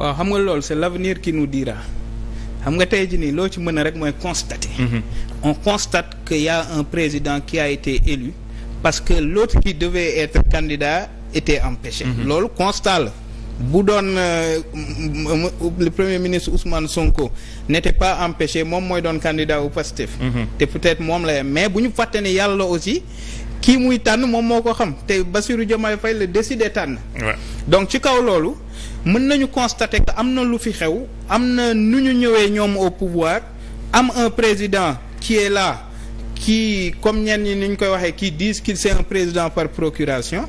waaw xam nga loolu c'est l'avenir qui nous dira xam nga tey ji nii loo ci mën a rek mooy constater. Mhm. on constate que y un président ki a été élu parce que l'autre qui devait être candidat était empêché. Mhm. loolu constat la. bu doon euh, le premier ministre Ousmane Sonko n'était pas empêché moom mooy doon candidat au Pastef. Mhm. te peut-être moom la mais bu ñu fàtte yàlla aussi. kii muy tànn moom moo ko xam te Bassirou Diomaye Faye la décidé tànn. donc ci kaw loolu mën nañu constater que am na lu fi xew am na nu ñu ñëwee ñoom au pouvoir am un président qui est là qui comme ñenn ñi ni ñu koy waxee qui disent qu'il c'est un président par procuration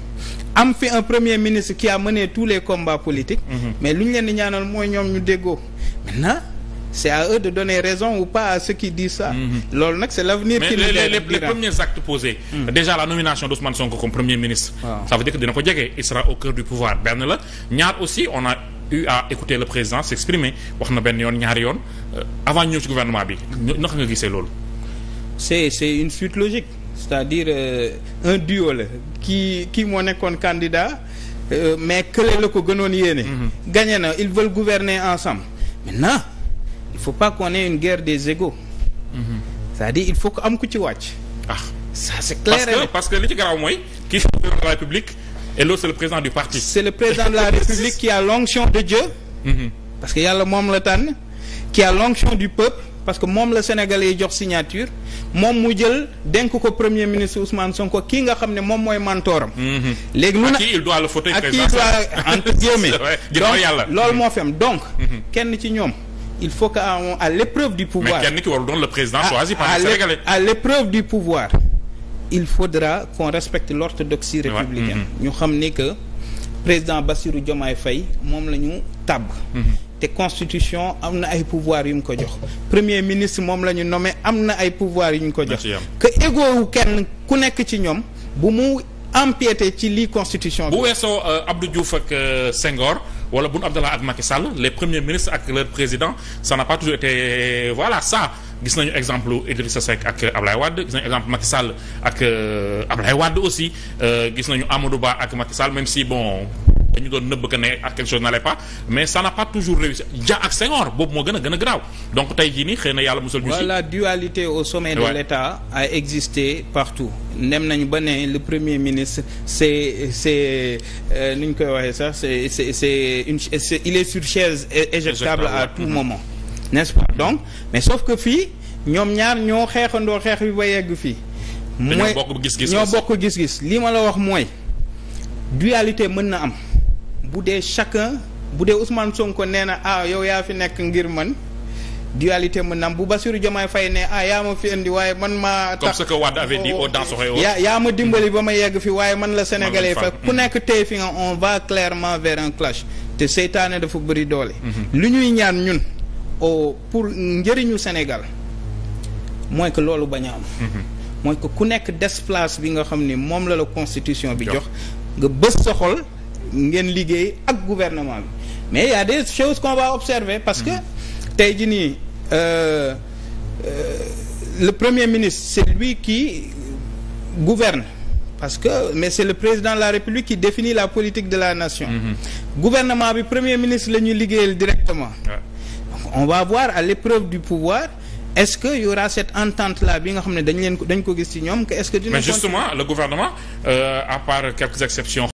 am fi un premier ministre qui a mené tous les combats politiques. Mm -hmm. mais lu ñu leen ñaanal mooy ñoom ñu déggoo maintenant. c'est à eux de donner raison ou pas à ceux qui disent ça. Mhm. loolu nag c'est l'avenir qui nous dira mais les les premiers actes posés. Mhm. déjà la nomination d'Ousmane Sonko comme premier ministre. Ah. ça dire que dina ko jege il sera au cœur du pouvoir benn la ñaar aussi on a eu à écouter le président s'exprimer wax na benn yoon ñaari yoon euh, avant ñoo ci gouvernement bi naka nga gisee loolu. c'est c'est une suite logique c'est-à-dire euh, un duo la kii kii moo nekkoon candidat euh, mais kële la ko gënoon yéene. Mhm. gagné na ils veulent gouverner ensemble maintenant. il faut pas qu'on ait une guerre des égos mhm. cest il faut que am ku ci wàcc ah ça parce que li ci garaaw mooy kii c'est le président de la République et l'autre c'est le président du parti c'est le président de la République qui a l'onction de Dieu mhm. parce que yàlla moom la tànn qui a l'onction du peuple parce que moom la sénégal yi jox signature moom mu jël denk ko premier ministre Ousmane Sonko kii nga xam ne moom mooy mantooram mhm. léegi lu na ak il doit le entre guillemets donc loolu moo fi am donc kenn ci ñoom il faut que on à l'épreuve du pouvoir mais kenn ki warul doon le président choisi par les Sénégalais à l'épreuve du pouvoir il faudra qu'on respecte l'orthodoxie républicaine mhm. ñu xam ni que président bassiru Diomaye Faye moom la ñu tàbb mhm. te constitution am na ay pouvoir yu mu ko jox premier ministre moom la ñu nommé am na ay pouvoir yu ñu ko jox que égo wu kenn ku nekk ci ñoom bu mu empiété ci lii constitution bi. bu weesoo euh, Abdou Diouf ak euh, Senghor wala Boun Abdallah ak Macky Sall les premiers ministres ak leur président ça n'a pas toujours été voilà ça gis nañu exemple Idrissa Seck ak euh, Ablaye Wade gis nañu exemple Macky Sall ak Ablaye Wade aussi gis nañu Amadou Ba ak Macky Sall même si bon. dañu doon nëbb que ne ak quelque chose n'allait pas mais ça n'a pas toujours réussi Dia ak Senghor boobu moo gën a gën a graaw donc tey jii nii xëy na yàlla musal ñu si dualité au sommet de l'État a existé partout nem nañ ba ne le premier ministre c'est c'est euh, nu ñu koy waxee sax c'est c'est c'est une il est sur chaise éjectable à tout mm-hmm. moment n'est-ce pas donc mais sauf que fii ñoom ñaar ñoo xeexandoo xeex bi ba yegg fii mooy ñoo bokk gis-gis li ma la wax mooy dualité mën na am bu dee chacun bu dee Ousmane Sonko nee na ah yow yaa fi nekk ngir man dualité mën na am bu Bassirou Diomaye Faye ne ah yaa ma fi indi waaye man maa. comme que Wade avait dit au yaa ma dimbali ba ma yegg fi waaye man la sénégalais fa ku nekk tey fi nga on va clairement vers un clash te seytaane dafa bëri doole. Mhm. lu ñuy ñaan ñun au pour njëriñu Sénégal mooy que loolu bañ am. Mhm. mooy que ku nekk des place bi nga xam ni moom la la constitution bi jox nga bës sa xol. ngeen liggéey ak gouvernement bi mais y des choses qu'on va observer parce que tey jii nii euh, euh, le premier ministre c'est lui qui gouverne parce que mais c'est le président de la République qui définit la politique de la nation mmh. gouvernement bi premier ministre la ñuy liggéeyal directement ouais. on va voir à l'épreuve du pouvoir est-ce que y aura cette entente là bi nga xam ne dañ leen ko dañ ko gis ci ñoom que est-ce que dina mais justement le gouvernement euh, à part quelques exceptions